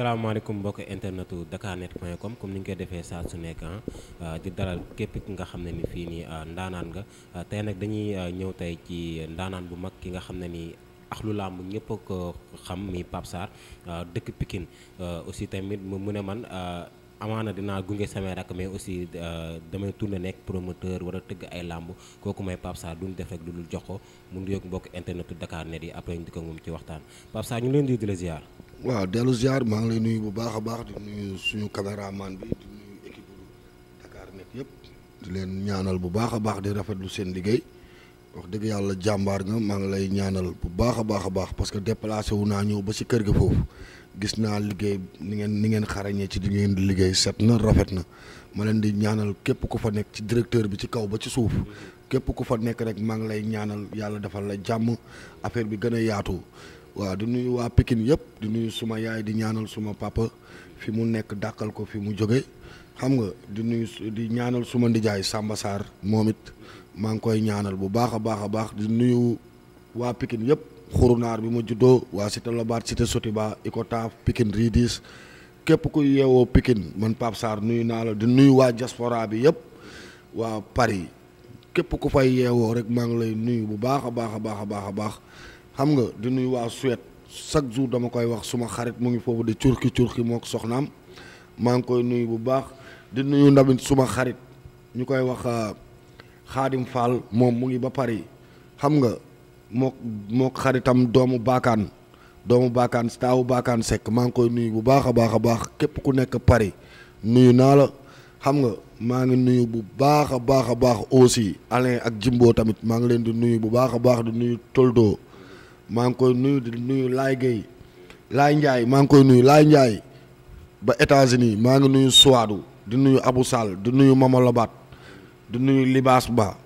salaamaaleykum mbokk internetu dakarnet point com comme ni ñu koy defee saa su nekk ah, di dalal képp ki nga xam ne ni fii nii ah, ndaanaan nga ah, tey nag dañuy ñëw tey ci ndaanaan bu mag ki nga xam ne ni axlu làmb ñëpp ko xam mi Pape Sarr dëkk Pikine aussi tamit mu ne man amaana dinaa gunge samay rakk mais aussi euh, damay tourné nekk promoteur wara a tëgg ay làmb kooku mooy Pape Sarr duñ def rek lu dul jox ko mun mu nuyoog mbokk internetu Dakar net yi après ñu di ko moom ci waxtaan Pape Sarr ñu leen di di ziar. waaw dellu ziar maa ngi lay nuyu bu baax a baax di nuyu suñu caméraman bi di nuyu équipe Dakar net yëpp. du leen ñaanal bu baax a baax di rafetlu seen liggéey. wax dëgg yàlla jàmbaar nga maa ngi lay ñaanal bu baax a baax a baax parce que déplacé wu naa ñëw ba ci kër ga foofu gis naa liggéey ni ngeen ni ngeen xarañee ci li ngeen di liggéey set na rafet na ma leen di ñaanal képp ku fa nekk ci directeur bi ci kaw ba ci suuf képp ku fa nekk rek maa ngi lay ñaanal yàlla defal la jàmm affaire bi gën a yaatu waaw di nuyu waa pikin yëpp di nuyu suma yaay di ñaanal suma papa fi mu nekk dàqal ko fi mu jóge xam nga di nuyu di ñaanal suma ndijaay sàmba Sarr moom it maa ngi koy ñaanal bu baax a baax a baax di nuyu waa Pikine yëpp xurunaar bi ma juddoo waa cité Lobatt cité Sotiba Icotaf Pikine Ridis képp kuy yeewoo pikin man Pape Sarr nuyu naa la di nuyu waa diaspora bi yëpp waa yi képp ku fay yeewoo rek maa ngi lay nuyu bu baax a baax a baax a baax a baax xam nga di nuyu waa Suède chaque jour dama koy wax suma xarit mu ngi foofu di curki curki mook ko soxnaam maa ngi koy nuyu bu baax di nuyu ndamit suma xarit ñu koy wax Xaadim euh, Fall moom mu ngi ba Paris xam nga moo moo xaritam doomu baakaan doomu baakaan taawu baakaan sekk maa ngi koy nuyu bu baax a baax a baax képp ku nekk Paris nuyu naa la xam nga maa ngi nuyu bu baax a baax a baax aussi Alain ak Jimbo tamit maa ngi leen di nuyu bu baax a baax di nuyu Toldo maa ngi koy nuyu di nuyu Laay Guèye Laay Ndiaye maa ngi koy nuyu Laay Ndiaye ba États-Unis maa ngi nuyu Suwaadu di nuyu abu Sall di nuyu Mama Lobaat di nuyu Libaas Ba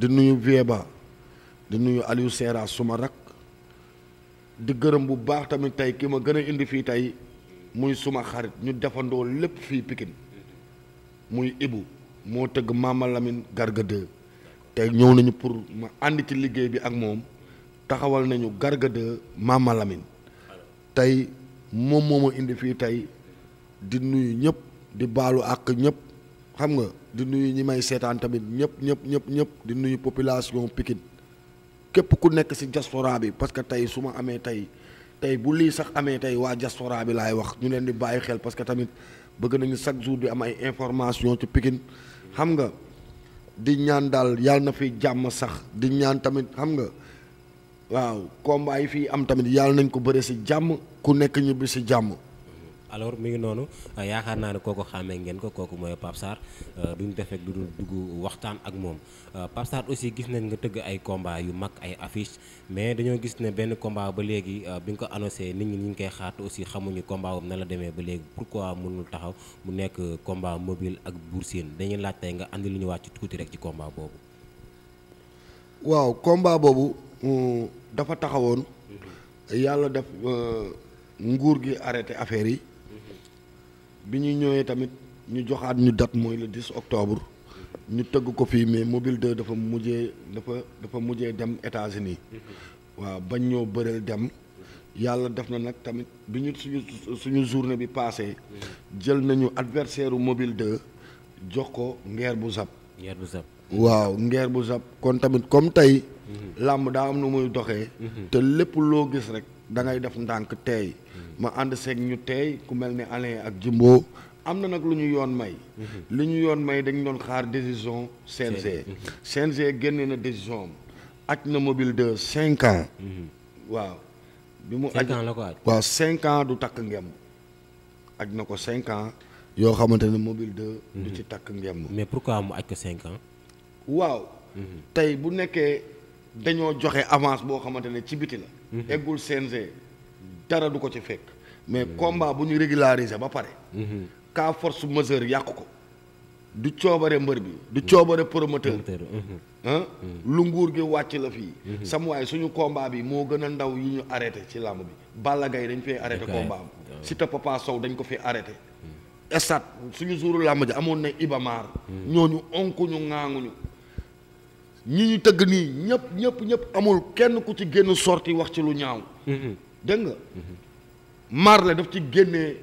di nuyu Vieux Ba di nuyu Aliou Seera suma rak di gërëm bu baax tamit tey kii ma gën a indi fii tey muy suma xarit ñu defandoo lépp fii Pikine muy Ibu moo tëgg Mama Lamine Garga tey ñëw nañu pour ma ànd ci liggéey bi ak moom taxawal nañu Garga 2 Mama tey moom moo ma indi fii tey di nuyu ñëpp di baalu ak ñëpp xam nga di nuyu ñi may seetaan tamit ñëpp ñëpp ñëpp ñëpp di nuyu population Pikine képp ku nekk si diaspora bi parce que tey su ma amee tey tey bu lii sax amee tey waa diaspora bi laay wax ñu leen di bàyyi xel parce que tamit bëgg nañu chaque jour di am ay information ci Pikine xam nga di ñaan daal yàlla na fi jàmm sax di ñaan tamit xam nga waaw combat yi fii am tamit yàlla nañ ko bëre si jàmm ku nekk ñibbi si jàmm alors mi ngi noonu euh, yaakaar naa ne kooku xàmmee ngeen ko kooku mooy Pape Sarr euh, duñ defee rek du dul dugg waxtaan ak moom euh, Pape Sarr aussi gis nañ nga tëgg ay combat yu mag ay affiche mais dañoo gis ne benn combat ba léegi bi nga ko annoncé nit ñi ñu ngi koy xaat aussi xamuñu combat wam na la demee ba léegi pourquoi mënul taxaw mu nekk combat mobile ak Bour Sine dañuy laaj nga andi lu ñu wàcc tuuti rek ci combat boobu. waaw combat boobu hmm, dafa taxawoon. Mhm. yàlla def nguur gi arrêté affaire yi. bi ñuy ñëwee tamit ñu joxaat ñu date mooy le 10 octobre ñu tëgg ko fii mais mobile de dafa mujjee dafa dafa mujjee dem États-Unis waaw bañ ñoo bëreel dem yàlla def na nag tamit bi ñu suñu suñu journée bi passé jël nañu adversaire u mobile de jox ko ngeer bu zap ngeer bu zap waaw ngeer bu zap kon tamit comme tey mhm. làmb daa am na muy doxee mhm. te lépp loo gis rek da ngay def ndànk tey ma ànd seeg ñu teey ku mel ne Alain ak Jimbo am na nag lu ñu yoon may mhm. lu ñu yoon may dañ doon xaar décision CNG CNG mhm. génne na décision am aj na mobile de cinq ans mhm. waaw bi mu aj la ko waaw cinq ans du takk ngemb aj na ko cinq ans yoo xamante ne mobile de du ci takk ngemb mais pourquoi mu aj ko cinq ans waaw tey bu nekkee dañoo joxe avance boo xamante ne ci biti la eggul CNG dara du ko ci fekk. mais combat bu ñu régulariser ba pare. cas mhm. force majeure yàq ko. du coobare mbër bi. du coobare promoteur. Mhm. Mhm. lu nguur gi wàcc la fii. sam suñu combat bi moo gën a ndaw yi ñu arrêté ci làmb bi. Balla Gaye dañ fee arrêté combat am. Siteu Papa Sow dañ ko fi arrêté. estat suñu suuru làmb ji amoon na Ibamaar. ñooñu onkuñu ŋaaŋuñu. ñi ñu tëgg nii ñëpp ñëpp ñëpp amul kenn ku ci génn sorti wax ci lu ñaaw. dégg nga. Marley daf ci génnee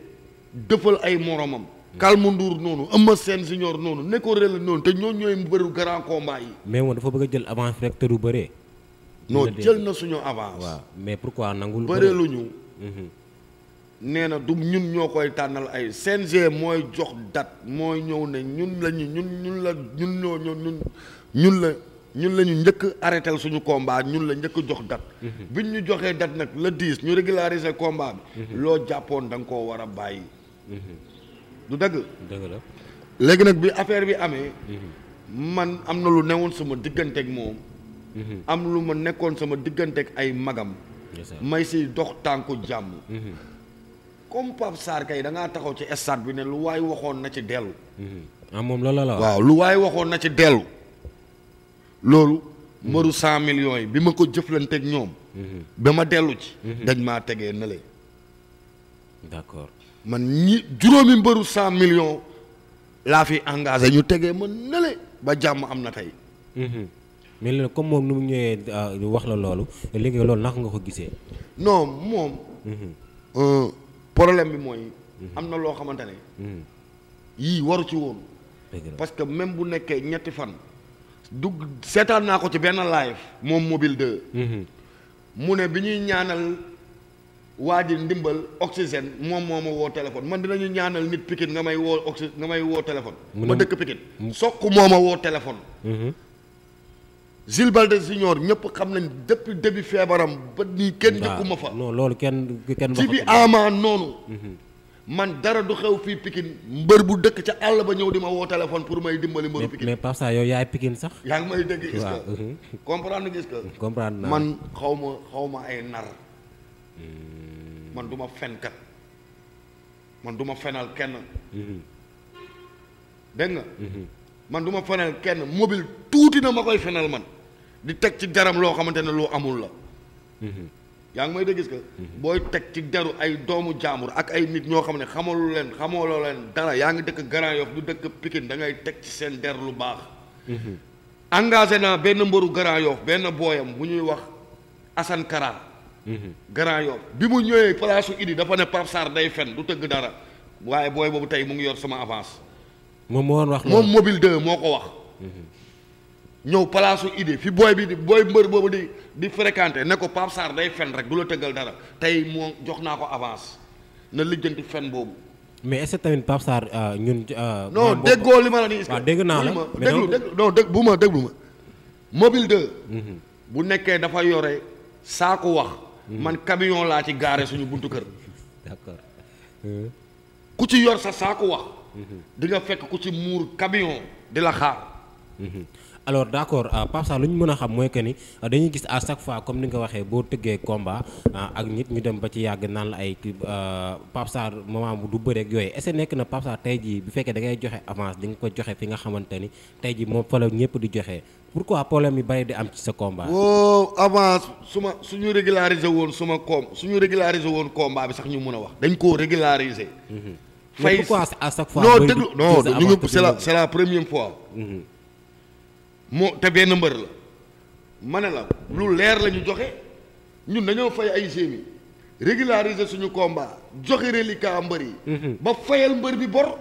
dëfal ay moromam. Kalmu Ndour noonu Eumeu Sène Junior noonu Néko Relais noonu te ñoo ñooy mbëru grand combat yi. mais moom dafa bëgg jël avance rek te du bëree. non jël na suñu avance. waaw mais pourquoi nangul bëree lu ñu. Mhm. nee na du ñun ñoo koy tànnal ay CNG mooy jox dat mooy ñëw ne ñun la ñun ñun la ñun ñoo ñun ñun la. ñun lañu ñu njëkk arrêtel suñu combat ñun la njëkk jox date mhm. biñ ñu joxee date nag la 10 ñu régulariser combat bi mhm. loo jàppoon danga nga koo war a bàyyi mhm. du dëgg dëgg la léegi nag bi affaire bi amee man am na lu newoon sama diggante ak moom am lu ma nekkoon sama diggante ak ay magam may si dox tànku jàmm comme Pape Sarr kay da ngaa taxaw ci stade bi ne lu waaye waxoon na ci dellu ah, moom loolu la waaw lu waaye waxoon na ci dellu loolu mbëru cent millions yi bi ma ko jëflanteeg ñoom mhm. ba ma dellu ci mhm. dañ maa tegee na le d'accord man ñi juróomi mbëru cent million laa fi engagé ñu tegee ma nële ba jàmm am na tey mhm. mais léegi comme moom nu ñëwee euh, wax la loolu léegi loolu naka nga ko gisee non moom euh, problème bi mooy am na loo xamante ne yii waru ci woon parce que même bu nekkee ñetti fan dugg seetaan naa ko ci benn live moom mobile 2. Mhm. mu ne bi ñuy ñaanal waa ji ndimbal oxygène moom moo ma woo téléphone man dinañu ñaanal nit Pikine nga may woo oxy nga may woo téléphone. ma dëkk Pikine soq moo ma woo téléphone. Jules mhm. Balde Junior ñëpp xam nañ dëpp début feebaram ba nii kenn njëkkuma fa. non loolu kenn ci bi ama noonu. Mhm. man dara du xew fii pikin mbër bu dëkk ca àll ba ñëw di ma woo téléphone pour may dimbali mbëru Pikine mais Pape Sarr yow yaay Pikine sax yaa ngi may dëgg gis nga comprendre gis nga man xaw ma xaw ma ay nar hmm. man du ma fenkat man duma fenal kenn hmm. dégg nga hmm. man duma ma fenal kenn mobile tuuti na ma koy fenal man di teg ci jaram loo xamante ne loo amul la yaa ngi may dégg gis que mhm. booy teg ci deru ay doomu jaambur ak ay nit ñoo xam ne xamalu leen xamaloo leen dara yaa ngi dëkk Grand Yoff du dëkk pikin dangay teg ci seen der lu baax mhm. engagé naa benn mbëru Grand Yoff benn booyam bu ñuy wax Assane Kara mhm. Grand Yoff bi mu ñëwee place idi dafa ne Pape day fen du tëgg dara waaye booy boobu tey mu ngi yor sama avance moom moo wax moom mobile 2 moo ko wax ñëw palaasu idée fi booy bi di booy mbër boobu di di fréquenté ne ko Pape Sarr day fen rek du la tëggal dara tey moom jox naa ko avance na lijjanti fen boobu. mais est-ce que tamit Pape Sarr euh, ñun. Euh, non déggoo li ma la nii. waaw dégg naa la mais déglu déglu non dégg bu ma déglu ma. mobile 2. Mhm. bu nekkee dafa yore saako wax. Mhm. man camion laa ci gaare suñu buntu kër. d'accord. ku ci yor sa saako wax. Mhm. di nga fekk ku ci muur camion di la alors d' accord euh, Pape Sarr lu ñu mën a xam mooy que ni euh, dañuy gis à chaque fois comme ni nga waxee boo tëggee combat euh, ak nit ñu dem ba ci yàgg naan la ay Pape Sarr moment bu du bëreeg yooyu est ce nekk na Pape Sarr tey jii bu fekkee da ngay joxe avance di nga ko joxe fi nga xamante ni tey jii moom fa la ñëpp di joxe pourquoi problème yi bari di am ci sa combat. woo avance su ma suñu régulariser woon suma koom suñu régulariser woon komba bi sax ñu mën a wax. dañ koo régulariser. Mm-hmm. fay pourquoi à chaque fois. non déglu non ñu ngi c'est la la première moo te benn mbër la ma ne la lu leer la ñu joxe ñun dañoo fay ay gémi régulariser suñu komba joxe reliquat mbër yi mhm. ba fayal mbër bi bor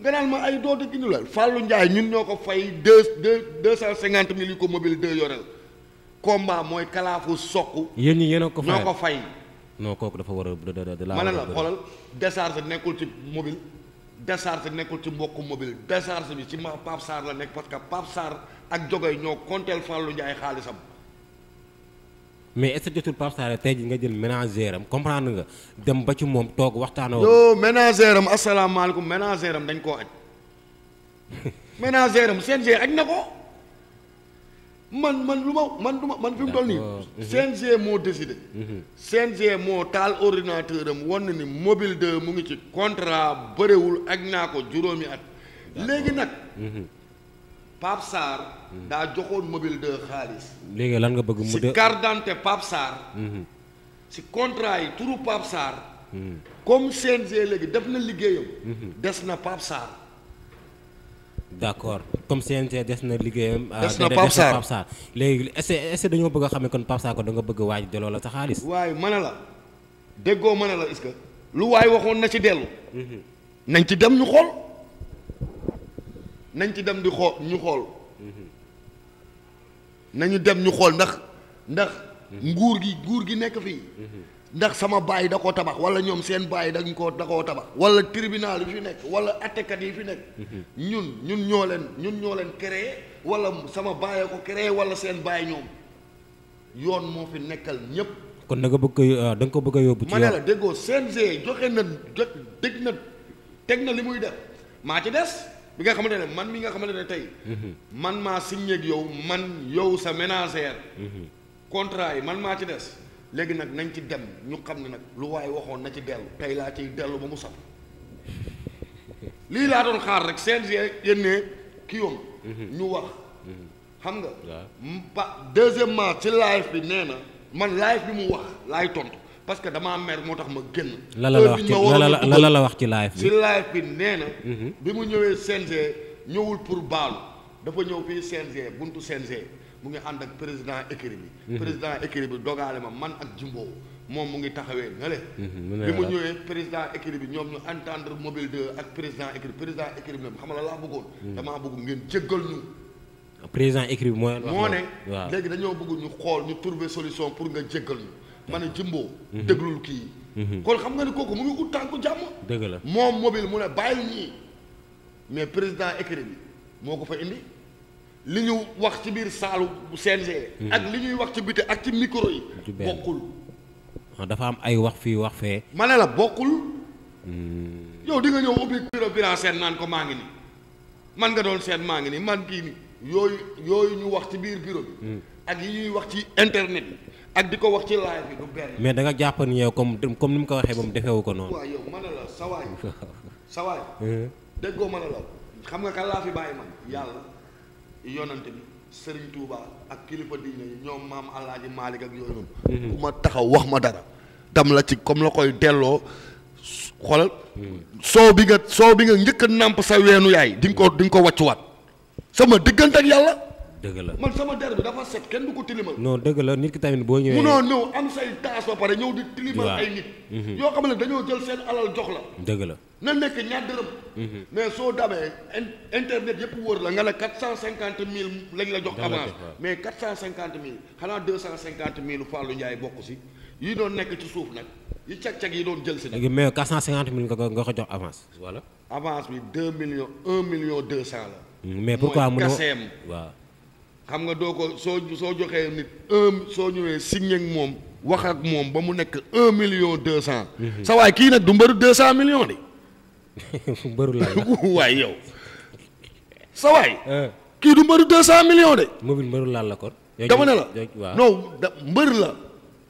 nga naan ma ay dootu gi ñu la ñun ñoo ko fay deux deux deux cent cinquante mille yu ko mobile deux yorel combat mooy kalaafu soq yéen ñi yéen ko fay ñoo fay non kooku dafa war a ma ne la xoolal décharge nekkul ci mobile décharge nekkul ci mbokku mobile décharge bi ci ma Pape Sarr la nekk parce que Pape Sarr ak jogoy ñoo konteel Fallou Ndiaye xaalisam. mais est-ce que jotul Pape tey ji nga jël ménagère am comprendre nga dem ba ci moom toog waxtaanoo. non ménagère am asalaamaaleykum ménagère am dañ koo aj ménagère am CNG aj na ko man man lu ma man du ma man fi mu toll nii. CNG mhm. moo décidé. Mhm. CNG moo taal ordinateur am wan na ni mobile 2 mu ngi ci contrat bëriwul ak naa ko juróomi at. léegi nag. Mhm. Pape Sarr. daa joxoon mobile de xaalis. léegi lan nga bëgg mu de si carte d'identité Pape mhm. contrat yi turu Pape Sarr. Mhm. comme CNG léegi def na liggéeyam. Mhm. des na Pape Sarr. d' accord comme CNG des na liggéeyam. Ah, des na Pape Sarr Pape Sarr léegi est ce est ce dañoo bëgg a xamee kon Pape ko da nga bëgg a waaj delloo la sa xaalis. waaye mën a la déggoo mën na la est ce que lu waay waxoon na ci dellu. nañ ci dem ñu xool. nañ ci dem di xool ñu xool nañu dem ñu xool ndax ndax nguur gi nguur gi nekk fii ndax sama baay da ko tabax wala ñoom seen baay dañ koo da koo tabax wala tribunal yi fi nekk wala attekat yi fi nekk ñun ñun ñoo leen ñun ñoo leen créé wala sama baay ko créé wala seen baay ñoom yoon moo fi nekkal ñëpp kon da nga bëgg ah, da nga ko bëgg a yóbbu ci ma ne la déggoo CNG joxe na dégg na teg na li muy def maa ci des bi nga xamante ne man mi nga xamante ne tey. Mm-hmm. man maa signé ak yow man yow sa ménagère. Mm-hmm. contrat yi man maa ci des. léegi nag nañ ci dem ñu xam ne nag lu waaye waxoon na ci dellu. tey laa ciy dellu ba mu saf lii laa doon xaar rek seen yéen ne kii mm-hmm. ñu wax. xam nga. pa deuxièmement ci live bi nee na man live bi mu wax laay tontu. parce que damaa mer moo tax ma génn. la la wax ci la la la wax ci live bi. ci live bi nee na. Mhm. bi mu ñëwee CNG ñëwul pour baalu dafa ñëw fii CNG buntu CNG mu ngi ànd ak président écurie bi. Mhm. président écurie bi dogaale ma man ak Jumbo moom mu ngi taxawee nale mhm, bi mu ñëwee président écurie bi ñoom ñu entendre mobile 2 ak président écurie président écurie bi xam nga la laa bëggoon. damaa bëgg ngeen jéggal ñu. président écurie bi moo moo ne léegi dañoo bëgg ñu xool ñu trouver solution pour nga jéggal ñu. ma jimbo Jumbo. déglul kii. kon xam nga ne kooku mu ngi ut tànku jàmm. dëgg la moom mobile mu ne bàyyil ñii mais président écrit bi moo ko fa indi li ñu wax ci biir saalu CNG. ak li ñuy wax ci biti ak ci micro yi. bokkul. Ah, dafa am ay wax fii wax fee. ma ne la bokkul. Hmm. yow di nga ñëw ubbi bureau bilan seen naan ko maa ngi nii man nga doon seen maa ngi nii man kii nii yooyu yooyu ñu wax ci biir bureau bi. Hmm. ak yi ñuy wax ci internet ak di ko wax ci live bi du benn. mais danga nga jàpp ni yow comme ni mu ko waxee moom defewu ko noonu. waaw yow ma ne la sawaay sawaay euh. déggoo ma ne la xam nga kan laa fi bàyyi man yàlla yonante bi Serigne Touba ak kilifa diine yi ñoom maam Alaaji Maalik ak yooyu noonu. Mhm. ma taxaw wax ma dara. dam la ci comme la koy delloo xoolal. Hmm. soo bi nga soo bi nga njëkk nàmp sa weenu yaay di ko di nga ko wàccuwaat. sama diggante ak yàlla. dëgg la man sama der bi dafa set kenn du ko tilimal. non dëgg la nit ki tamit boo ñëwee. munoo ñëw am say taas ba pare ñëw di. tilimal ay nit. Mhm. yoo xam ne dañoo jël seen alal jox la. dëgg la na nekk ñaar dërëm. Mhm. mais soo damee internet yëpp wër la nga ne quatre cent cinquante mille lañ la jox avance mais quatre cent cinquante mille xanaa deux cent cinquante mille bokk si yi doon nekk ci suuf nag yi cag-cag yi doon jël si nag. léegi mais quatre cent cinquante mille nga ko jox avance voilà. avance bi deux millions un million deux cent la. xam nga doo ko soo soo joxee nit soo ñëwee signé moom wax ak moom ba mu nekk un million deux cent. Mhm. sa waay kii nag du mbëru deux cent millions de. yow sa waay. Euh. kii du mbëru deux cent millions de. mobile mbëru laal la kon. dama ne la non da mbër la.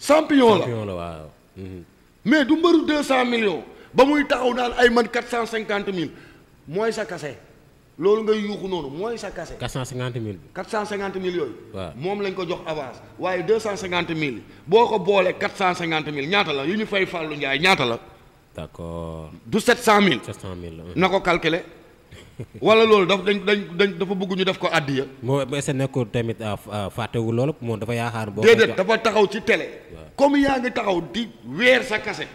champion la champion la waaw. Mhm. mais du mbëru deux cent millions ba muy taxaw daal ay man quatre cent cinquante mille mooy sa kase. loolu ngay yuuxu noonu mooy sa kase. 450 000 bi. 450 000 yooyu. waaw moom lañ ko jox avance waaye 250 000 boo ko boolee 450 000 ñaata la yu ñu fay Fallou Ndiaye ñaata la. d'accord du 700 000. 700 000 la na ko calculer. wala loolu daf dañ dañ dañ dafa bëgg ñu def ko àddiya. moo est-ce nekkul tamit euh, euh, fàttewu loolu moom dafa yaakaar. boo déedéet dafa taxaw ci télé. comme yaa ngi taxaw di weer sa kase.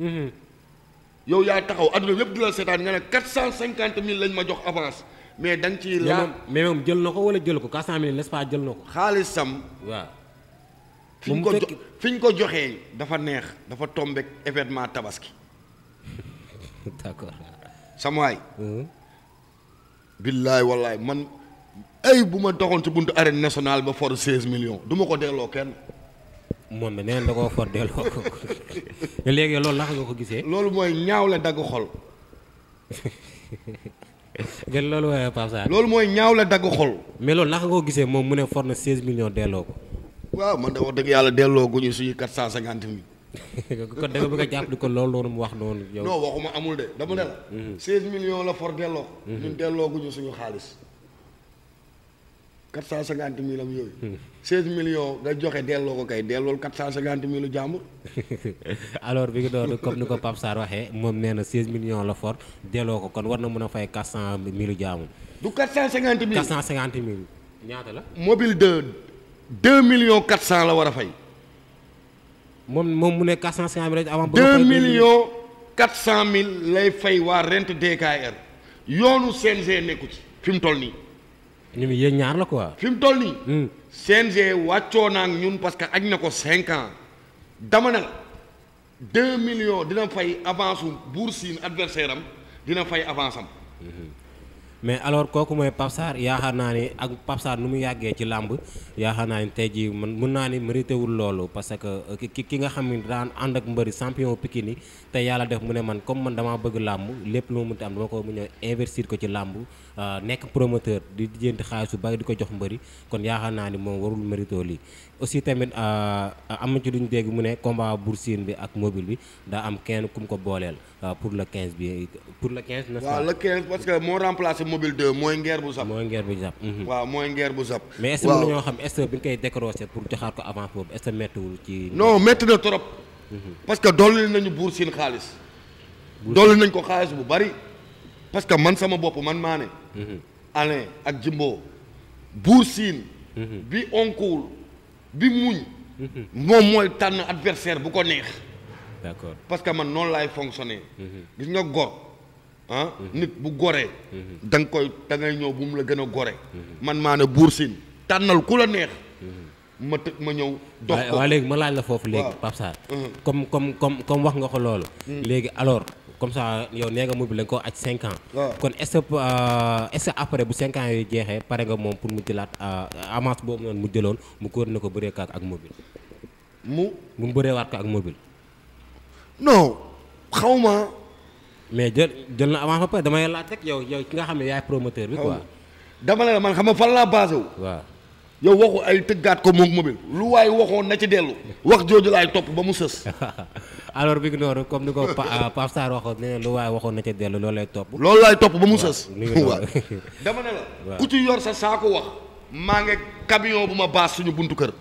Mm-hmm. yow yaa taxaw adduna yëpp du la seetaan nga ne quatre cent cinquante mille lañ ma jox avance mais da nga ciy laa mais moom jël na ko wala jël ko quatre cent mille nest jël na ko xaalisam waaw fi ñu ko fi ñu ko joxee dafa neex dafa tombé événement tabaski d'accord sama billaay wallaay man ay bu ma doxoon ci buntu arène nationale ba for seize millions du ko delloo kenn moom mi neen da koo for delloo ko léegi loolu naka nga ko gisee. loolu mooy ñaaw la dagg xol. gën loolu waaye Pape Sarr. loolu mooy ñaaw la dagg xol. mais loolu gisee moom mu ne for na 16 millions delloo ko. waaw man de wax yàlla delloo guñu suñu 450 mille. kon da nga a jàppale ko loolu noonu mu wax noonu. yow non waxuma amul de dama ne mm-hmm. delloo ko. Mm-hmm. ñun delloo guñu suñu xaalis. quatre cent cinquante mille am yooyu. nga joxe delloo ko kay dellool quatre cent cinquante mille jàmbur. alors bi ngi doon comme ni ko Pape Sarr waxee moom nee na seize millions la for delloo ko kon war na mën a fay quatre cent mille jàmbur. du quatre cent cinquante mille quatre cent cinquante mille ñaata la. mobile deux deux millions quatre cent la war a fay. moom moom mu ne quatre cent cinquante mille avant. deux millions quatre cent mille lay fay waa rent DKR yoonu CNG nekku ci fi mu toll nii. ñu ngi yéen ñaar la ko fi mu toll nii. Hmm. CNG wàccoo naa ñun parce que añ na ko cinq ans dama ne la deux millions dina fay avance su Bour Sine adversaire am dina fay avance am. Hmm. mais alors kooku mooy Pape Sarr yaakaar naa ni ak Pape nu mu yàggee ci làmb yaakaar naa ni tey jii man mun naa ni mérité wul loolu parce que euh, ki ki nga xam ne daan ànd ak mbëri champion Pikine te yàlla def mu ne man comme man damaa bëgg làmb lépp lu mu munti am dama ko mu ñëw investir ko ci làmb Euh, nekk promoteur di jënd xaalis bu bari di ko jox mbëri kon yaakaar naa ni moom warul mérito lii aussi tamit euh, am na ci lu ñu dégg mu ne combat Boursine bi ak mobile bi daa am kenn ku ko booleel euh, pour le 15 bi pour le 15. na ce pas que moo remplacé mobile 2 mooy ngeer mhm. bu zap. mais est ce xam est bi ñu koy décroché pour joxaat ko avance boobu est ce que méttiwul ci. non métti na trop. Mhm. parce que dolli nañu Boursine xaalis. dolli nañ ko xaalis bu bari parce que man sama bopp man maa Mm-hmm. Alain ak Jimbo buur siin mm-hmm. bi onkuwul bi muñ mm-hmm. moom mooy tànn adversaire bu ko neex d'accord parce que man noonu laay fonctionner gis nga góor ah nit bu goree da nga koy dangay ñëw bu mu la gën a gore man maa ne buur siin tànnal ku la neex ma të ma ñëw dox ko waaw léegi ma laaj la foofu léegi Pape Sarr comme comme comme comme wax nga ko loolu mm. léegi alors comme ça yow nee nga mobile la nga ko aj 5 ans. kon est-ce euh, après bu 5 ans yooyu jeexee pare nga moom pour mu jëlaat euh, avance boobu noonu mu jëloon mu góor na ko bëree kaak ak mobile. mu mu bëreewaat ko ak mobile. non xawma mais jël jël na avance ba pare damay laaj rek yow yow ki nga xam ne yaay promoteur bi quoi. dama ne la man xam nga fan laa basé wu. waxu ay tëggaat ko moom mobile. lu waaye waxoon na ci dellu. wax jooju laay topp ba mu sës. alors bi noonu comme ni ko euh, Pape Sarr waxoon ne lu waaye waxoon na ca dellu loolu lay topp. loolu laay topp ba mu sës. waaw dama ne la. ku ci yor sa saako wax. maa ngi camion bu ma baas suñu buntu kër.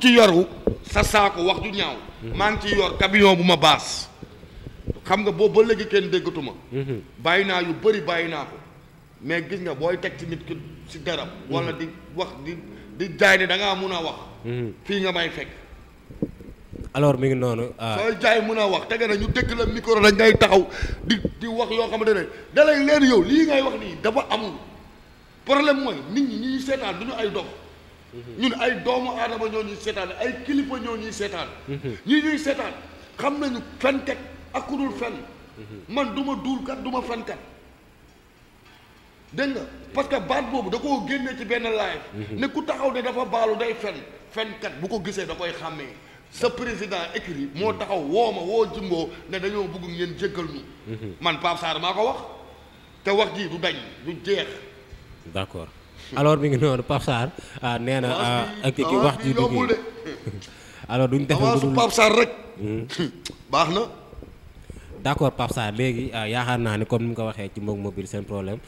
ci yoru sa saako wax ju ñaaw. Mhm. maa ngi ciy yor camion bu ma baas. xam nga boobu ba léegi kenn déggatuma mhm. bàyyi naa yu bëri bàyyi naa ko. mais gis nga booy teg ci nit ki ci garab. wala mhm. di wax di di jaay ne da mun a wax. fii nga may fekk. alors mi ngi noonu. Ah. sooy jaay mën a wax tege na ñu dëkk la micro dañ ngay taxaw di di wax yoo xamante ne da lay leer yow lii ngay wax nii dafa amul problème mooy nit ñi ñuy seetaan du ñu ay doom ñun ay doomu aadama ñoo ñuy seetaan ay kilifa ñoo ñuy seetaan. ñu ñuy seetaan xam nañu fenkat ak ku dul fenn. man du ma duulkat du ma fenkat. dégg nga parce que baat boobu da koo génnee ci benn live. Mhm. ne ku taxaw ne dafa baalu day fen fenkat bu ko gisee da koy xàmmee. sa président écrit moo taxaw woo ma woo Jumbo ne dañoo bëgg ngeen jéggal ñu. Mhm. man Pape Sarr maa ko wax te wax ji du dañ du jeex. d'accord alors mi ngi noonu Pape Sarr ah, nee na ah, ak wax ji du kii alors duñ def lu dul Pape Sarr rek. Hmm. baax na. d'accord Pape Sarr léegi ah, yaakaar naa ne comme ni nga ko waxee ci Mbok Mobile seen problème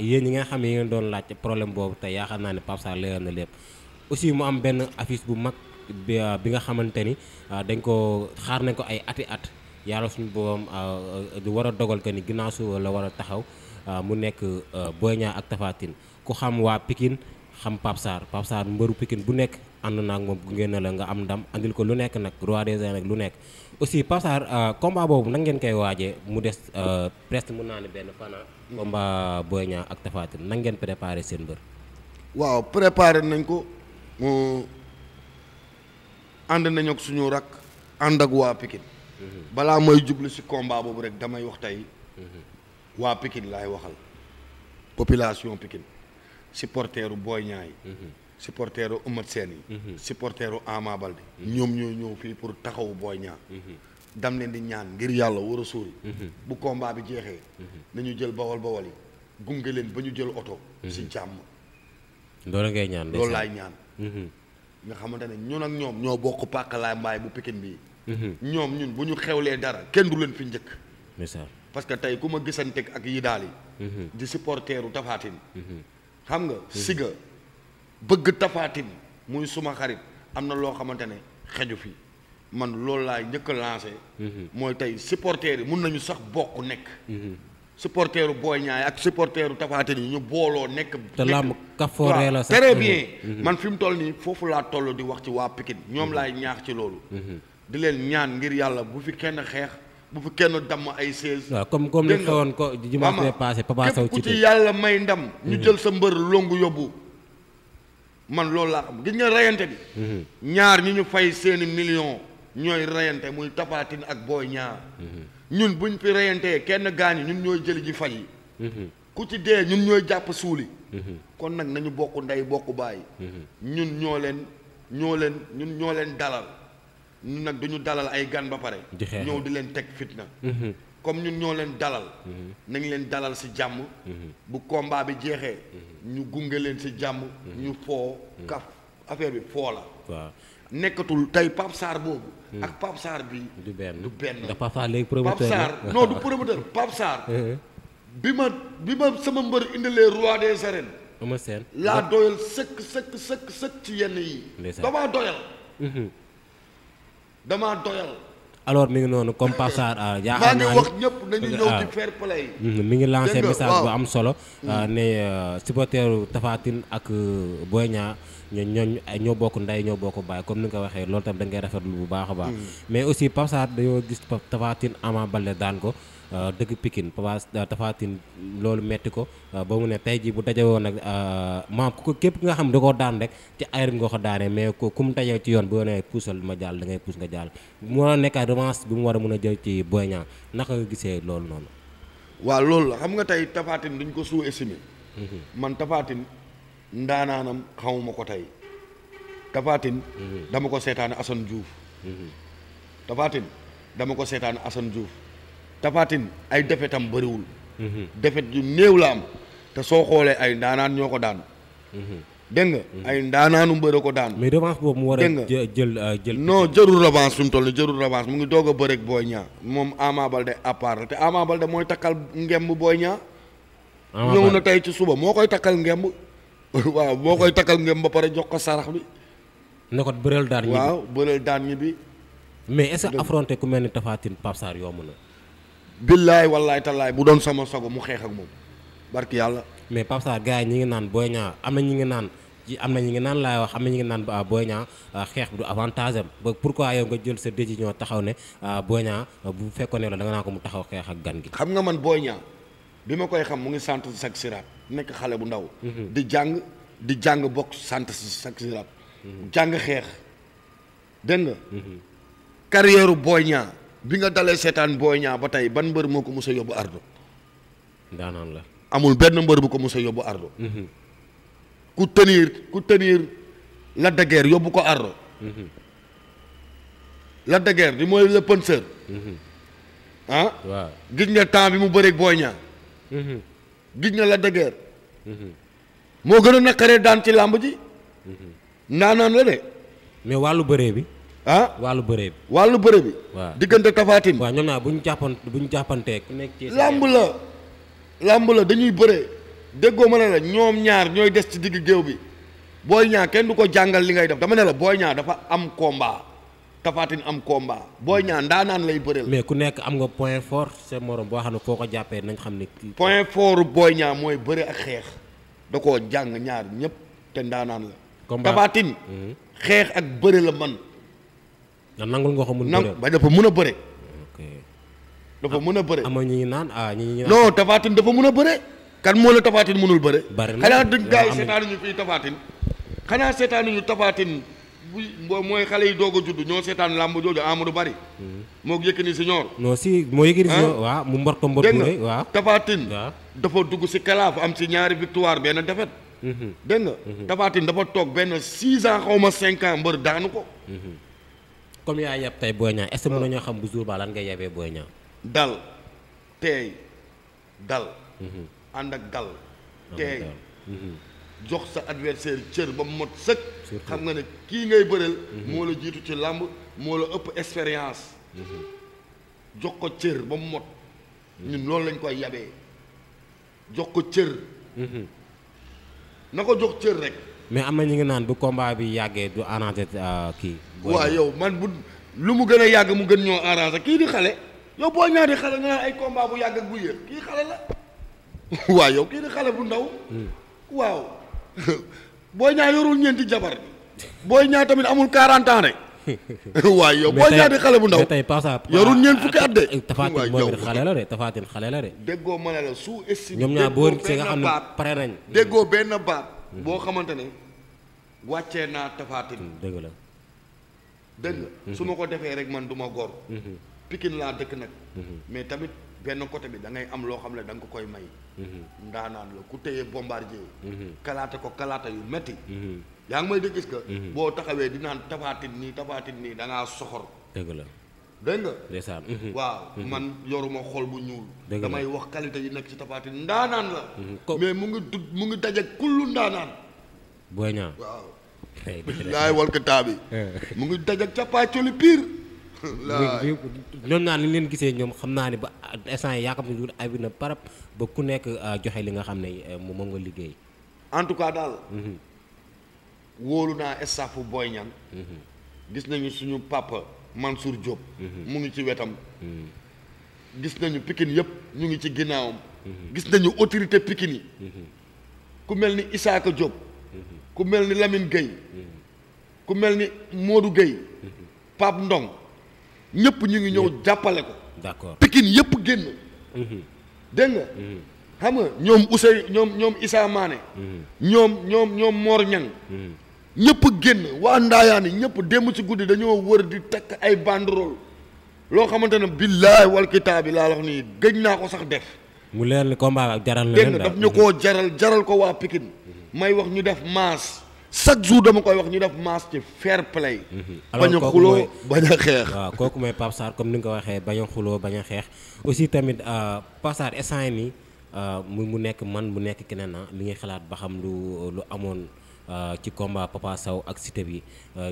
yéen ñi nga xam yi yéen doon laaj problème boobu te yaakaar naa ne Pape Sarr leeral na lépp aussi mu am benn affiche bu mag. Ah, bi nga xamante ni ah, dañ ko xaar nañ ko ay ati at yàlla suñu boobam ah, war a dogal que ni ginnaaw suba la war taxaw mu nekk Boy ñaa ak Tapha ku xam waa pikin xam Pape Sarr Pape Sarr mbëru Pikine bu nekk ànd naa ak moom gunge na la nga am ndam andil ko lu nekk nag roi des arènes nag lu nekk aussi Pape Sarr combat boobu nan ngeen koy waajee mu des presque mun naa ne benn fana combat Boy Niang ak Tapha Tine nan ngeen seen mbër waaw préparé nañ ko ànd nañu ak suñu rakk ànd ak waa pikin balaa may jublu si combat boobu rek damay wax tey waa Pikine lay waxal population Pikine supporteru Boy Niang yi supporteru Eumeu Sène yi supporteru Ama Baldé ñoom ñoo ñëw fii pour taxawu Boy Niang dam leen di ñaan ngir yàlla war a sóori bu combat bi jeexee nañu jël bawal bawal yi gunge leen ba ñu jël oto si jàmm loolu ngay ñaan loolu laay ñaan nga xamante ne ñun ak ñoom ñoo bokk pàkkalaay mbaay bu pikin bii mhm. ñoom ñun bu ñu xewlee dara kenn du leen fi njëkk parce que tey ku ma gisanteeg ak yi daal yi mhm. di supporteeru tafaatin mhm. xam nga siga bëgg tafaatin muy suma xarit am na loo xamante ne xeju fi man loolu laay njëkk a lancé mooy tey supporters yi mun nañu sax bokk nekk supporteru Boy Niang ak supporteru Tapha Tine yi ñu booloo nekk. te làmb kafooree la sax mhm. man fi mu toll nii foofu laa toll di wax ci waa Pikine ñoom mhm. laay ñaax ci loolu. Mhm. di leen ñaan ngir yàlla bu fi kenn xeex. bu fi kenn damm ay seize. waaw comme comme li xewoon ko dimanche bi passé Papa Sow ci yàlla may ndam. ñu jël sa mbër longu yóbbu. man loolu laa xam gis nga rayante bi. ñaar ñu ñu fay seeni million ñooy rayante muy Tapha ak Boy Niang. ñun buñ fi reyantee kenn gaañu ñun ñooy jëli ji fay yi mhm. ku ci dee ñun ñooy jàpp suuli mhm. kon nag nañu bokk ndey bokk bàyyi mhm. ñun ñoo leen ñoo leen ñun ñoo leen dalal ñun nag duñu dalal ay gan ba ñëw di leen teg fitna comme ñun ñoo leen dalal leen dalal si jàmm bu combat bi jeexee ñu gunge leen si jàmm ñu foo kaf affaire bi foo la nekkatul tey Pape Sarr boobu. Hmm. ak Pape bi du benn du benn ndax Pape Sarr léegi promoteur Pape Sarr du promoteur Pape uh-huh. bi ma bi ma sama mbër indilee roi des arènes. ama seen laa doyal sëkk sëkk sëkk sëkk ci yenn yi. damaa doyal. Uh-huh. damaa doyal. alors mi ngi noonu comme Pape Sarr ah, yaakaar naa ni ñëpp nañu ñëw ci ah. fair play. Uh-huh. mi ngi lancé message bu am solo. Ah, hmm. ne euh, supporteru Tapha ak euh, Boy Niang. ñoo ñooñ ñoo bokk nday ñoo bokk baay comme ni nga waxee loolu tam da ngay rafetlu bu baax a baax mm-hmm. mais aussi Pape Sarr dañoo gis Tapha Tine Ama daan ko euh, dëgg Pikine Papa euh, Tapha loolu metti ko euh, ba mu ne tey jii bu daje woon nag maam ku ko képp nga xam da koo daan rek ci ay nga ko daanee mais ku mu ci yoon boo nee puusal ma jàll da ngay puus nga a nekkaat revanche bi mu war a a jël ci Boy Niang naka nga gisee loolu noonu waaw loolu la xam nga tey Tapha Tine duñ ko sous-estimer mm-hmm. man Tapha ndaanaanam xamuma ko tey Tapha mhm. dama ko seetaan Assane juuf mhm. Tapha dama ko seetaan Assane Diouf Tapha ay defetam bëriwul mhm. defet yu néew la am te soo xoolee ay ndaanaan ñoo ko daan dégg nga ay ndaanaanu mbër a ko daan mais revanche boobu mu war a jël euh, jël non jërul revanche sumu toll ni jërul revanche mu ngi doog a bëreeg Boy Niang moom Ama Baldé à te Ama Baldé mooy takkal ngemb Boy Niang ñëw na tey ci suba moo koy takkal ngemb waaw boo koy takkal ngëm ba pare jox ko sarax bi. ne ko bëreel daan ñibbi waaw bëreel daan mais est-ce que affronter ku mel ni Tapha Tine Pape Sarr yomb na. billaay wallaay tallaay bu doon sama sogo mu xeex ak moom barki yàlla. mais Pape Sarr gars yi ñi ngi naan booy Niang am na ñi ngi naan ci am na ñi ngi naan laay wax am na ñi ngi naan ah, Boy Niang ah, xeex bi du avantage am ba pourquoi yow nga jël sa décision taxaw ne ah, Boy Niang bu fekkoon ne la da nga naa ko mu taxaw xeex ak gan gi. xam nga man booy ñaa bi ma koy xam mu ngi sant sak siraat nekk xale bu ndaw mhm. di jàng di jàng bokk sant sak siraat mhm. jàng xeex dégg nga mhm. carrière Boy bi nga dalee seetaan Boy Niang ba tey ban mbër moo ko mos a yóbbu ardo daanaan la amul benn mbër bu ko mos a yóbbu ardo ku tenir ku tenir Lac de yóbbu ko ardo Lac de Guiers mooy le penseur ah waaw gis nga temps bi mu bëreeg Boy Niang Mm-hmm. gis na la dëgër. moo gën a naqaree daan ci làmb ji. Mm-hmm. naanaan la de. mais wàllu bëree bi. ah wàllu bëree bi. wàllu bi. waaw diggante tafaatin. waaw ñoom naa bu ñu jàppan bu ñu jàppantee nekk ci làmb la làmb la dañuy bëree déggoo ma ne la ñoom ñaar ñooy des ci diggu géew bi booy ñaar kenn du ko jàngal li ngay def dama ne la booy ñaar dafa am kombaa Tafatine am komba booy ñaan daanaan lay bëreel. mais ku nekk am nga point fort sa morom boo xam ne foo ko jàppee nañ xam ne. point fort booy ñaa mooy bëre ak xeex da ko jàng ñaar ñëpp te daanaan la. combat Tafatine. Mhm. xeex ak bëre la man. nga nangul nga ko mun bëre ba dafa mun a bëre. dafa a bëre ama ñu ngi naan ah ñu ngi naan non dafa mën a bëre. kan moo la Tafatine mënul bëre. bari na xanaa seetaanuñu fii Tafatine. xanaa seetaanuñu Tafatine bu mooy xale yi doog a judd ñoo seetaan làmb jooju Amadou Bari. Mm-hmm. moo Yékini Senior. non si moo Yékini ah. Senior waaw mu mbor ko mbor bu rëy waaw dafa dugg si kalaaf am ci ñaari victoire benn défaite. Mm-hmm. dégg nga. Mm-hmm. dafa toog benn 6 ans xaw ma 5 ans mbër daanu ko. comme yaa yeb tey Boy Niang est-ce que mën xam bu jour ba lan nga yebee Boy Niang. dal teey dal. ànd ak dal teey. jox sa adversaire cër ba mot sëkk xam nga ne kii ngay bëreel mhm. moo la jiitu ci làmb moo la ëpp expérience mhm. jox ko cër ba mot mhm. ñun loolu lañ koy yabee jox ko cër na ko jox cër rek mais am na ñu ngi naan bu combat bi yàggee du arrangé euh, kii waaw yow man bu lu mu gën a yàgg mu gën ñoo arrangé kii di xale yow boo ñaar xale nga naan ay combat bu yàgg ak bu kii xale la waaw yow kii di xale bu ndaw waaw booy ñaa yorul ñeenti jabar booy ñaar tamit amul 40 ans de. waaye yow booy ñaa di xale bu ndaw tey yorul ñeent fukki at de. tafaatin moom xale la de tafaatin xale la de. déggoo ma ne la sous estime. ñoom ñaar boo gisee nga xam ne pare nañ. déggoo benn baat. boo xamante ne wàccee naa tafaatin. Mm, dëgg la. dëgg mm-hmm. su ma ko defee rek man duma ma gor. Mm-hmm. Pikine laa dëkk nag. Mm-hmm. mais tamit. benn côté bi dangay am loo xam ne danga nga ko koy may. Mhm. ndaanaan la ku téye bombardier. Mhm. kalaate ko kalaata yu metti mhm. yaa ngi may dégg gis que. boo taxawee di naan tabaatin nii tabaatin nii da ngaa soxor. dëgg la dégg nga. ndeysaan. waaw man yoruma xol bu ñuul. damay wax qualité yi nekk ci tabaatin ndaanaan la. mais mu ngi dud mu ngi daje kullu ndaanaan. booy ñaa waaw. bilaay wal kitaabi mu ngi daje cappaacoli pire. ñoom naa ni leen gisee ñoom xam naa ni ba instant yi yaakaar nañu abi na parap ba ku nekk euh, joxe li nga xam ne euh, moom nga liggéey. en tout cas daal. Mhm. wóolu naa staff Boy Niang. Mhm. gis nañu suñu papa Mansour Diop. Mhm. mu ngi ci wetam. gis nañu Pikine yëpp ñu ngi ci ginnaawam. gis nañu autorité Pikine ku mel ni Isaka Diop. ku mel ni Lamine Gueye. ku mel ni Modou Gueye. Pape Ndong. ñëpp ñu ngi ñëw jàppale ko. d'accord Pikine yëpp génn. Mhm. dégg nga. Mhm. xam nga ñoom Ousseyn ñoom ñoom Issa Mané. Mhm. ñoom ñoom ñoom Mor Ñang ñëpp génn waa Ndaayaani ñëpp démb ci guddi dañoo wër di takk ay banderole loo xamante ne billaay wal kitaab bi laa wax nii gëj naa ko sax def. mu leer ni combat jaral na leen daf ñu koo jaral jaral ko waa Pikine may wax ñu def maas. chaque jour dama koy wax ñu def masse ci fair play. Mhm. bañ a xuloo bañ a xeex. waaw kooku mooy Pape Sarr comme ni nga ko waxee bañ xuloo bañ xeex aussi tamit euh, Pape Sarr instant nii euh, mu mu nekk man mu nekk keneen ah mi ngi xalaat ba xam lu lu amoon. Euh, ci combat Papa Sow ak Siteu bi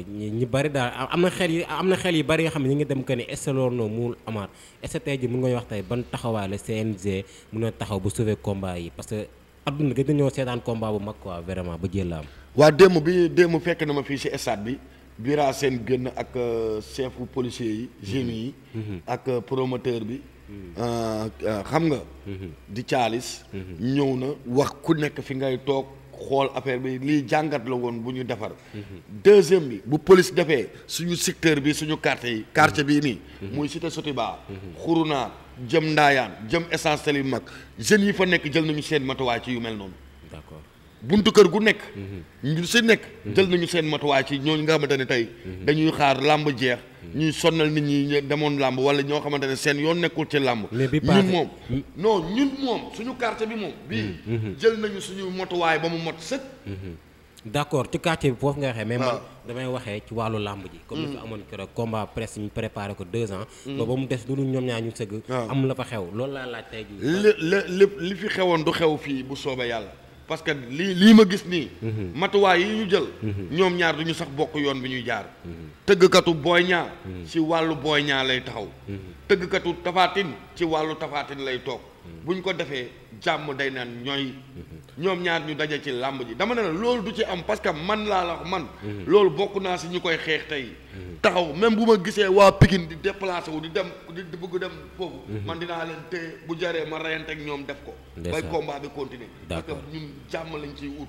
ñu bëri daal am na xel yi am na xel yi bëri yoo xam ne ñu ngi dem que ni est ce loolu noonu muul amaat est ce tey nga wax tey ban taxawaay la CNG mun a taxaw ba sauver combat yi parce que adduna gëj nañoo seetaan combat bu mag quoi vraiment ba jël am. waa démb bi démb fekk na ma fii si stade bi Bira seen génn ak euh, chefu policier yi génie yi mm-hmm. Mm-hmm. ak euh, promoteur bi mm-hmm. euh, xam nga di caalis ñëw na wax ku nekk fi ngay toog xool affaire bi lii jàngat la woon bu ñu defar deuxième bi bu police defee suñu secteur bi suñu quartier yi quartier bii nii muy cité Sotiba xurunaar jëm ndaayaan jëm essence tali mag jeunes yi fa nekk jël nañu seen matuwaay ci yu mel noonu buntu kër gu nekk. Mhm. ñu si nekk. Mhm. jël nañu seen matuwaay ci ñooñu nga xamante ne tey. Mhm. dañuy xaar làmb jeex. ñuy sonnal nit ñi demoon làmb wala ñoo xamante ne seen yoon nekkul ci làmb. Hmm. ñun moom non ñun suñu quartier bi moom. bii hmm. Hmm. jël nañu suñu matuwaay ba mu mot sëkk. d' accord ci quartier foofu nga waxee. mais man damay waxee ci wàllu làmb ji. comme ni ko amoon keroog combat presse ñu préparé ko deux ans. ba ba mu des du ñoom ñaa ñu sëgg. am la fa xew loolu laa laaj tey jii. li li li fi xewoon du xew fii bu soobee yàlla. parce que lii lii ma gis nii. Mhm. matuwaay yi ñu jël. Mhm. ñoom ñaar du ñu sax bokk yoon bi ñuy jaar. Mhm. tëggkatu booy ñaar. ci wàllu booy ñaar lay taxaw. tëggkatu tafaatin ci wàllu tafaatin lay toog. Mm-hmm. bu ñu ko defee jàmm day naan ñooy. Mm-hmm. ñoom ñaar ñu daje ci làmb ji dama ne la loolu du ci am parce que man laa la man. Mm-hmm. loolu bokk naa si ñu koy xeex tey. taxaw même bu ma gisee waa Pikine di déplacé wu di dem di bëgg dem foofu. man dinaa leen te bu jaree ma reyante ak ñoom def ko. bay combat bi continuer parce que ñun jàmm lañ ciy ut.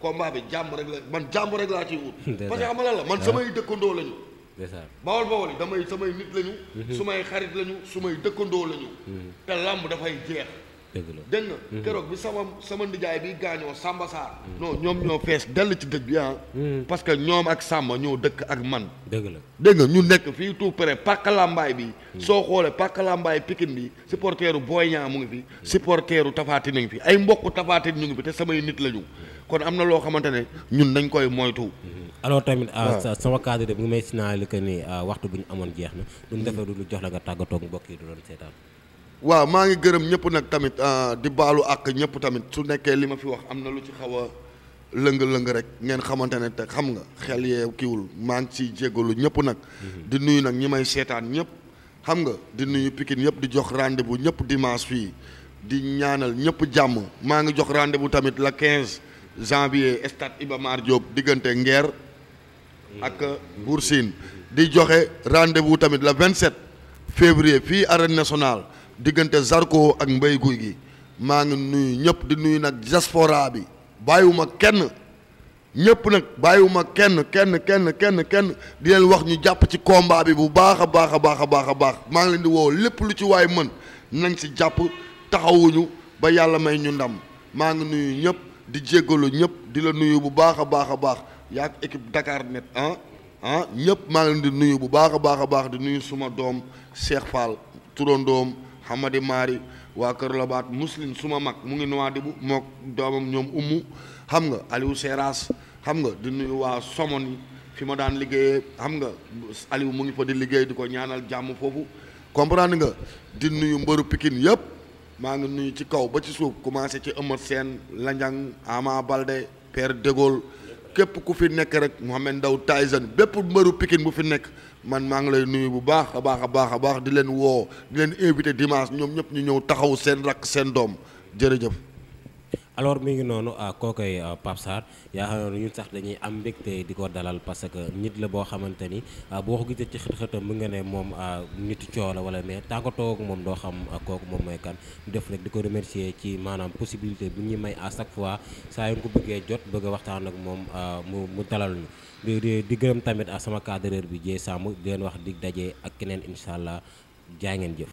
kombaa bi jàmm rek la man jàmm rek laa ciy wut parce que xam nga la man ah. samay dëkkandoo lañu. bawol bawol yi damay samay nit lañu. Mhm. su may xarit lañu su may dëkkandoo lañu. Mhm. te làmb dafay jeex. dëgg la dégg nga mhm. keroog bi sama sama nijaay bi gaañoo Samba Sarr. non ñoom ñoo fees dell ci dëj bi ah. parce que ñoom ak Samba ñoo dëkk ak man. dëgg la dégg nga ñu nekk fii tout près pàkk làmbaay bi. soo xoolee pàkk làmbaay Pikine bi supporteeru Boy Niang mu ngi fi. supporteeru Tapha Tine ñu ngi fi ay mbokku Tapha Tine ñu ngi fi te samay nit lañu. kon am na loo xamante ne ñun dañ koy moytu. Mhm. alors tamit ah, sama cadre bi ngi may signaler que ni ah, waxtu bu ñu amoon jeex na duñ defee du lu jox la nga tàggatoo mbokk yi du doon seetaan. waaw maa ngi gërëm ñëpp nag tamit ah, di baalu àq ñëpp tamit su nekkee li ma fi wax am na lu ci xaw a lëng-lëng rek ngeen xamante ne te xam nga xel yee kiwul maa ngi ciy jégalu ñëpp nag. Mhm. di nuyu nag ñi may seetaan ñëpp. xam nga di nuyu Pikine ñëpp di jox rendez bu ñëpp dimanche fii di ñaanal ñëpp jàmm maa ngi jox rendez bu tamit la 15. janvier stade Iba Mar Diop diggante Nguer ak Bour Sine di joxe rendez-vous tamit le 27 février fii arène nationale diggante Zarko ak Mbaye Gouy Gui maa ngi nuyu ñëpp di nuyu nag diaspora bi bàyyiwuma kenn ñëpp nag bàyyiwuma kenn kenn kenn kenn kenn di leen wax ñu jàpp ci combat bi bu baax a baax a baax a baax a baax maa ngi leen di wow lépp lu ci waay mën nañ si jàpp taxawuñu ba yàlla may ñu ndam maa ngi nuyu ñëpp di jéggalu ñëpp di la nuyu bu baax a baax a baax yaak équipe dakaar Net ah ah ñëpp maa ngi di nuyu bu baax a baax a baax di nuyu suma doom Cheikh Fall turandoom Hamadi Mari waa Kër baat Muslim suma mag mu ngi Nouadhibou mook doomam ñoom ummu xam nga Aliou Seras xam nga di nuyu waa Somone fi ma daan liggéeyee xam nga Aliou mu ngi fa di liggéey di ko ñaanal jàmm foofu comprendre nga di nuyu mbëru pikin yëpp. maa ngi nuyu ci kaw ba ci suuf commencé ci Eumeu seen Lanjang Ama balde Père de képp ku fi nekk rek Mohamed ndaw Tyson bépp mbëru Pikine bu fi nekk man maa ngi lay nuyu bu baax a baax a baax a baax di leen woo di leen invité dimanche ñoom ñëpp ñu ñëw taxaw seen rakk seen doom jërëjëf alors mi ngi noonu ah, kookoy ah, Pape Sarr yaakaar naa sax dañuy am mbégte di ko dalal parce que nit la boo xamante ni ah, boo ko gisee ci xët-xëtam mu nga ne moom nit coow la wala mais tàggatoo ak moom doo xam kooku moom mooy kan def rek di ko remercier ci maanaam possibilité bi ñuy may à chaque fois saa yu ko bëggee jot bëgg a waxtaan ak moom mu mu dalal ñu. di di gërëm tamit sama cadreur bi Dieng sàmm di wax di dajee ak keneen incha allah jaa ngeen jëf.